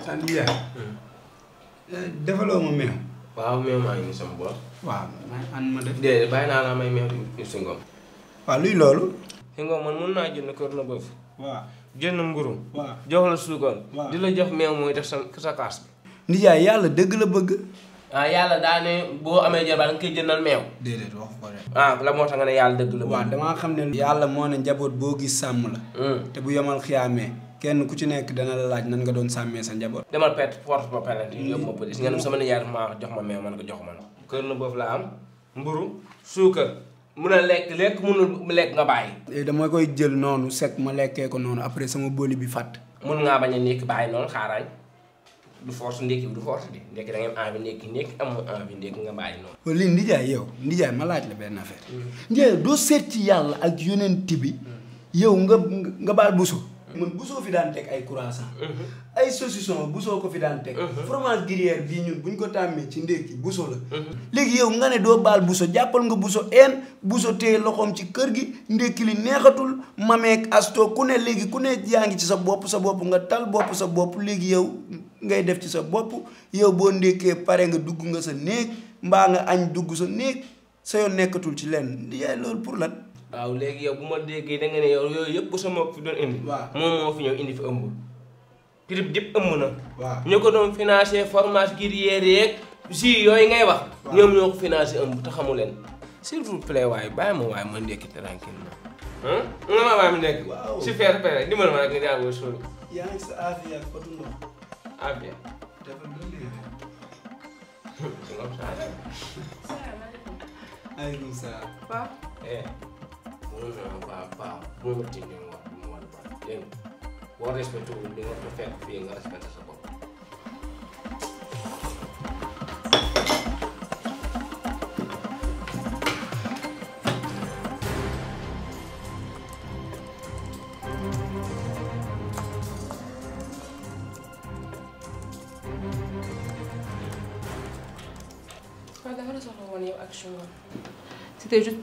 waxtaan bi daal. Hmm. Eh, defaloo ma meew. waaw meew maa ngi sama naa la may meew si ngoom. waaw luy naa jënd kër na bëf. waaw jënd mburu. waaw la jox meew mooy def sa sa kaas yàlla dëgg la bëgg. ah yàlla daa boo amee jabar da koy jëndal meew. déedéet ah, la moo yàlla dëgg la. waaw damaa xam ne. yàlla moo ne njaboot boo gis sàmm la. Hmm. te bu yomal xiyaamee. kenn ku ci nekk dana la laaj nan nga doon sàmmee sa njaboot. demal pet force ma pellet yóbbu ma police nga ne sama nijaay ma jox ma mais man ko jox ma na kër na boobu laa am mburu suukar mun a lekk lekk munul lekk nga bàyyi eh, dama koy jël noonu sec ma lekkee ko noonu après sama bóoli bi fàtt mun ngaa bañ a nekk bàyyi noonu xaaraañ du force ndékki bi du force di ndékki da ngay am envie ndékki ndékki amul envie ndékki nga bàyyi noonu oh, lii Ndijaay yow Ndijaay ma laaj la benn affaire mm. Ndijaay doo seet ci yàlla ak yonent bi mm. yow nga nga baal su man bu fi daan teg ay croissant uh-huh. ay saucisson bu soo ko fi daan teg uh-huh. fromage gruyère bii ñun buñ ko tàmmee ci ndékki buso la uh-huh. léegi yow nga ne doo baal buso jàppal nga buso een buso téye loxoom ci kër gi ndékki li neexatul mamee asto ku ne léegi ku ne yaa ngi ci sa bopp sa bopp nga tal bopp sa bopp léegi yow ngay def ci sa bopp yow boo ndékkee pare nga dugg nga sa néeg mbaa nga añ dugg sa néeg sa yoon nekkatul ci lenn yaay loolu pour lan waaw léegi yow bu ma déggee da nga ne yow yooyu yëpp bu fi doon indi. waaw moom moo fi ñëw indi fi ëmb. trip dip ëmb na. waaw ñu ko doon financé formation ngir yeer yeeg jus yooyu ngay wax. ñoom ñoo ko financé ëmb te xamu leen. s'il vous plaît waaye bàyyi ma waaye ma ndekki tranquillement. nga ma bàyyi ma nekk. waaw su feer pere dimbali ma rek nga jàngoo ak Fatou Ndao. revient encore pas mu nga ci ñoom wax bi mu war a baax dégg nga boo respecté wu ñu nga ko fekk fii nga respecté sa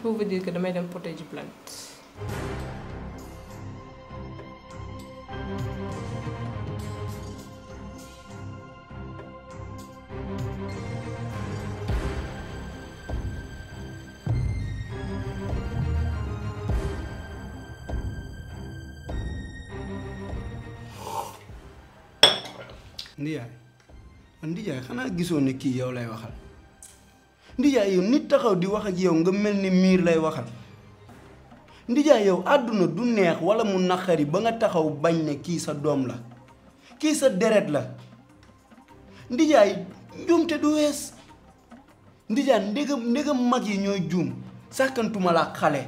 pour vous dire damay dem porter ji plainte. Ndiaye man xanaa gisoo ne kii yow lay waxal. ndijaay yow nit taxaw di wax a ji yow nga mel ni miir lay waxal ndijaay yow àdduna du neex wala mu naqari ba nga taxaw bañ ne kii sa doom la kii sa deret la ndijaay njuumte du wees ndijaay ndégam ndégam mag yi ñooy juum sàkkantuma la xale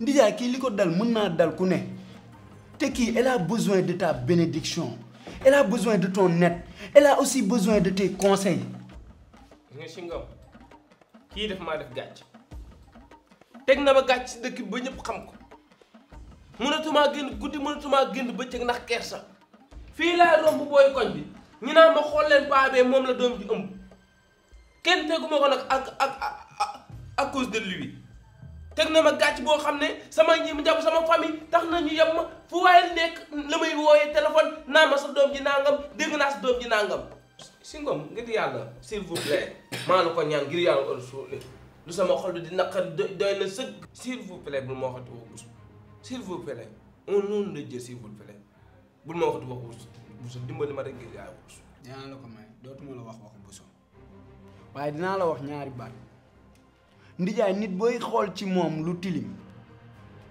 ndijaay kii li ko dal mën naa dal ku ne te kii elle a besoin de ta bénédiction elle a besoin de ton aide elle aussi besoin de tes conseils nga si ngom kii def maa def gàcc teg na ma gàcc si dëkk ba ñëpp xam ko mënatumaa génn guddi mënatumaa génn bëccëg ndax kersa fii laa romb booy koñ bi ñu naan ma xool leen paabee moom la doom ji ëmb kenn teguma ko nag ak ak à cause de lui teg na ma gàcc boo xam ne sama ñi njab sama famille tax nañu yem ma fu waaye nekk la may wooyee téléphone naa ma sa doom ji nangam dégg naa sa doom ji nangam si ngom ngir yàlla s'il vous plaît maa la ko ñaan ngir yàlla war suuli lu sama xol di naqar doy na sëgg s'il vous plaît ma wax busu s'il vous plaît on noonu la jël s'il vous plaît bul ma dimbali ma rek ngir yàlla busu dinaa la ko may dootuma la wax wax busu waaye dinaa la wax ñaari baat ndijaay nit booy xool ci moom lu tilim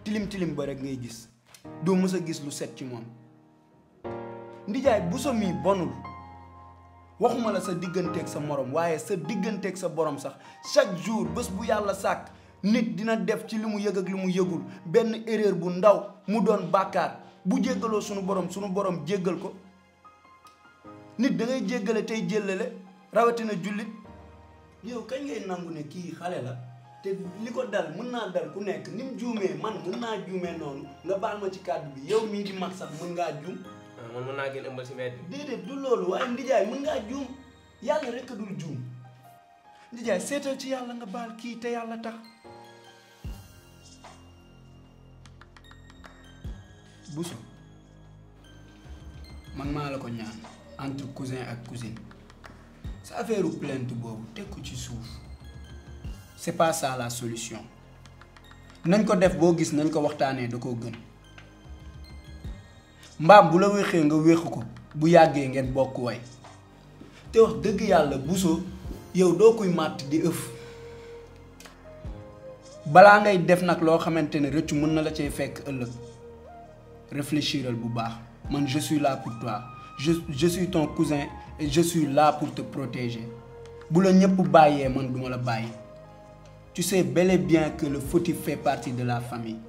tilim tilim ba rek ngay gis doo mës a gis lu set ci moom ndijaay buso mi bonul waxuma la sa digganteeg sa moroom waaye sa digganteeg sa borom sax chaque jour bés bu yàlla sàkk nit dina def ci li mu yëg ak li mu yëgul benn erreur bu ndaw mu doon bàkkaar bu jéggaloo sunu borom sunu borom jéggal ko nit dangay ngay jéggale tey jéllale rawatina jullit yow kañ ngay nangu ne kii xale la te li ko dal mën naa dal ku nekk ni mu juumee man mën naa juumee noonu nga baal ma ci kàdd bi yow mii di mag sax mën ngaa juum man mën naa gën ëmbal si mbedd bi. déedéet du loolu waaye ndijaay mën ngaa juum yàlla rek a dul juum ndijaay seetal ci yàlla nga baal kii te yàlla tax. Bousso man maa la ko ñaan entre cousin ak cousine sa affaire u plainte boobu teg ko ci suuf c'est pas ça la solution nañ ko def boo gis nañ ko waxtaanee da koo gën. mbaam bu la wéexee nga wéexu ko bu yàggee ngeen bokk way te wax dëgg yàlla Bousso yow doo koy màtt di ëf balaa ngay def nag loo xamante ne rëccu mën na la cee fekk ëllëg réfléchiral bu baax man je suis là pour ton cousin et je suis là te protéger bu la ñëpp bàyyee man duma la bàyyi tu sais bel bien que le fautif fait partie de la famille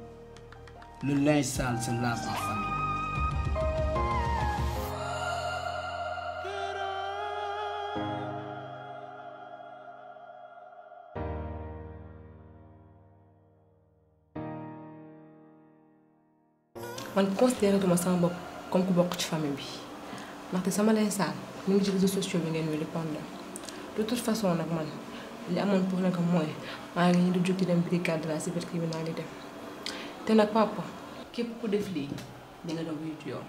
le linge sale se famille man considéré duma sama bopp comme ku bokk ci famille bi ndaxte sama lay saan mu ngi ci réseaux sociaux bi ngeen wéy répondre de toute façon nag man li amoon pour naka mooy maa ngi nii di jóg di dem brigade de la cybercriminalité te nag papa képp ku def lii di nga dem wuyutu yoon.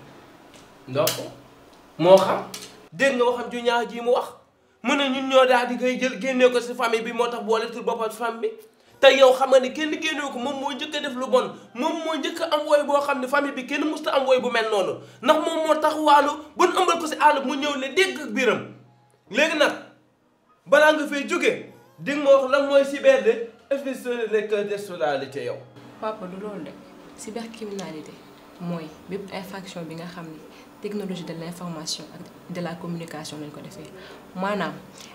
donc moo xam dégg nga waxam ju ñaaw ji wax mu ne ñun ñoo daal di koy jël génne ko si famille bi moo tax boole tur boppam famille bi. te yow xam nga ne kenn génnewu ko moom moo jëkk a def lu bon moom moo njëkk am woy boo xam ne famille bi kenn musta am woy bu mel noonu ndax moom moo tax waalo bu nu ëmbal ko si àll mu ñëw ne dégg biram léegi nag balaa nga fay jógee di nga ma wax lan mooy cyberde infidélité yow. papa du loolu de cybercriminalité mooy bépp infraction bi nga xam ni technologie de l'information ak de la communication lañ ko defee maanaam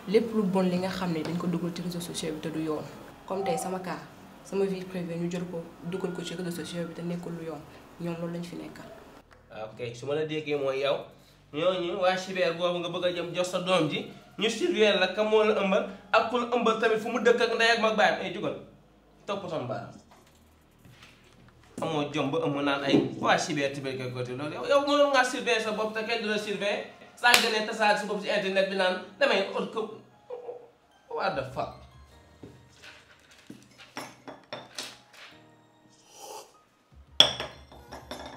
lépp lu bon li nga xam ne dañ ko dugal ci réseaux sociaux bi te du yoon. comme tey sama cas sama vie privée ñu jël ko dugal ko ci réseaux sociaux bi te nekkul lu yoon ñoom loolu lañ fi nekkal. Ah, ok su ma la déggee mooy yow ñooñu waa cyber boobu nga bëgg a jëm jox sa doom ji ñu surveiller la ka moo la ëmbal ak ku ëmbal tamit fu mu dëkk ak ndey ak mag baayam ay jugal topp sama baaraam. naan ay waa cyber tibet kay côté loolu yow mënoon ngaa surveiller sa bopp te kenn du la surveiller saa gën a tasaare sa bopp si internet bi naan damay ut ko what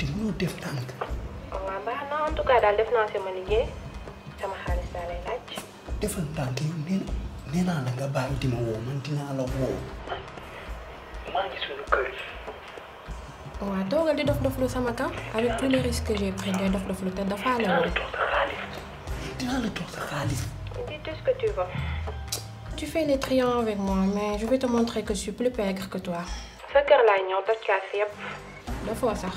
tuuti ñu def tànk. waaw baax na en tout cas daal def naa sama liggéey sama xaalis daal lay laaj. defal tànk yow nee nee naa la nga bàyyi di ma woo man dinaa la woo. maa ngi suñu kër di dof doflu sama kaw avec tous les risques que ngay dof doflu te dafa la woo. dinaa la jox sa xaalis. dis que tu veux. tu fais les triants avec moi mais je vais te montrer que suis plus pègre que toi. sa kër laa ñëw tas kaas yëpp. dafoo sax.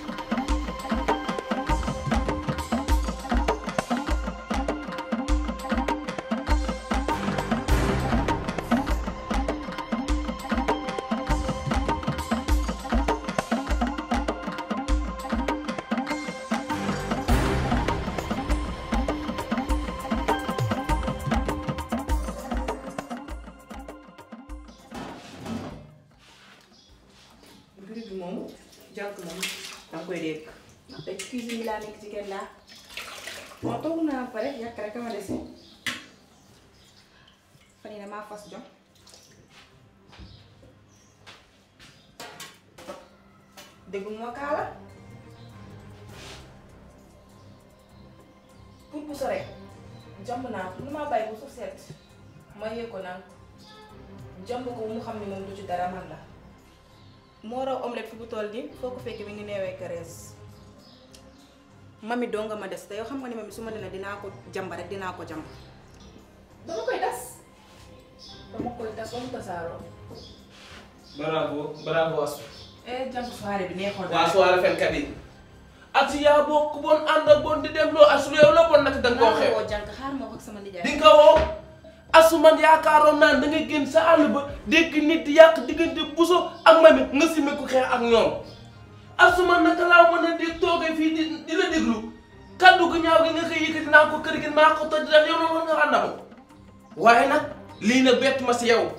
fas jom dégg moo kaala pour bu sore jomb naa lu ma bàyyi bu suuf seet ma yëg ko naan jomb ko mu xam ne moom du ci dara man la moo raw omelette fi bu toll nii foo ko fekkee mi ngi neewee kerees mami doo nga ma des te yow xam nga ni mami su ma dina dinaa ko jàmb rek dinaa ko jàmb mokkali tas ba mu tasaaroo. bravo eh, ak yaa bokk da nga koo xew. waaw ma yaakaaroon naa da nga génn sa àll ba dégg nit yàq diggante buso ak mami nga simmi ku xeex ak ñoom. Asou man naka laa mën a dégg toogee fii di di la déglu kaddu gu ñaaw gi nga koy yëkkati naa ko kër gi naa ko toj ndax yow noonu nga xam na ko waaye nag. lii nag bett ma si yow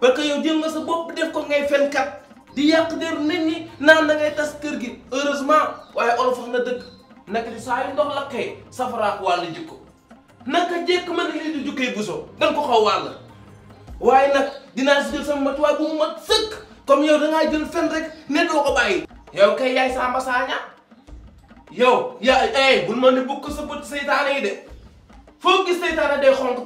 parce que yow jël nga sa bopp def ko ngay fenkat di yàq der nit ñi naan na ngay tas kër gi heureusement waaye olof wax na dëgg naka di saa yu ndox la kay safaraak wàll jikko naka jekk ma ne lii di jukkee buso danga ko xaw wàll waaye nag dinaa si jël sama matuwaay bu mu mat sëkk comme yow dangaa jël fen rek ne doo ko bàyyi yow kay yaay Samba Saña yow yaa ay eh, bul ma ne bukk sa bët seytaane yi de foo gis seytaane day xonk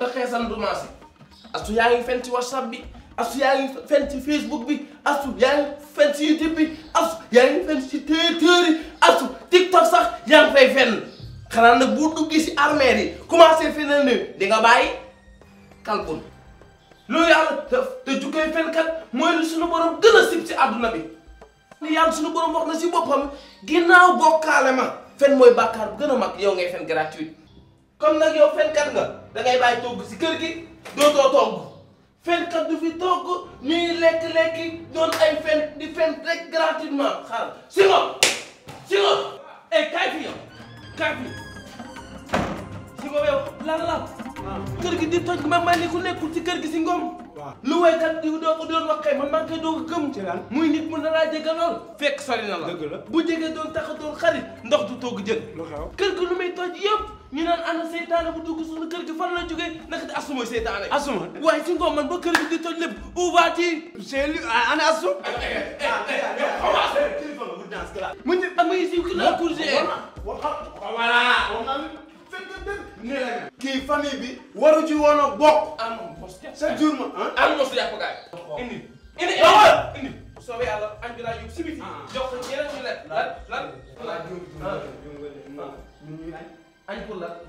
astu yaa ngi fen ci whatsapp bi astu yaa ngi fen ci facebook bi astu yaa ngi fen ci youtube bi astu yaa ngi fen ci téetéeri astu tiktok sax yaa ngi fay fenn xanaa nag bu duggee si armée yi commencé feneen ne di nga bàyyi kalkun loolu yàlla te jukkee fenkat mooy lu suñu borom gën a sib si àdduna bi li yàlla suñu borom wax na si boppam ginnaaw bokkaale ma fen mooy bàkkaar bu gën a mag yow ngay fen gratuit comme nag yow fenkat nga da si kër gi dootoo togg fenkat du fi togg ñuy lekk-lekki doon ay fen di fen rek gratuitement xaaral si nga si nga eh kaay fi yow kaay si nga yow lan la ah. kër gi di toj ma may ni ku nekkul ci kër gi si ngom lu waykat diw doo ko doon wax kay man maa ngi doog a gëm ci lan muy nit mu nalaa jege lool fekk sori na la dëgg la bu jegee doon tax a doon xarit ndox du togg jël lu xew kër gi lu may toj yëpp ñu ana seytaane bu dugg suñu kër gi fan la jógee naka di asuma seytaane asuma waaye si ngoom man ba kër gi di toj lépp ouvaati c'est lui ah, ana asu eh, eh, eh, mu ngi si la courgé voilà nii ki ñu. kii famille bi. waru ci woon a bokk. am mos chaque jour ma ah. am mos yàqu gaay. indi indi indi. soobee yàlla añ bi laa yóbbu si biti. Ah. jox ko yeneen ñu lekk lan lan. Ah. añ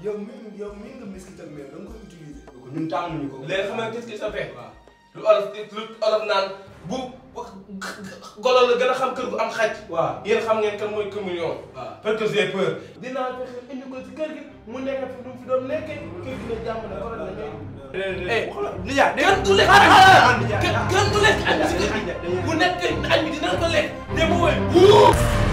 mi yow mi nga miskit ak mère da nga koy utiliser. ñun tàmmuñu ko. léegi xam nga qu'est-ce que lu olof lu olof naan bu golo la gën a xam kër gu am xaj. waaw yéen xam mooy communion. waaw parce que j'ai peur. dinaa fexe indi ko ci kër gi mu nekk kër gi la a la kenn kër gi bu nekk añ bi dinañ ko lekk. te mu woy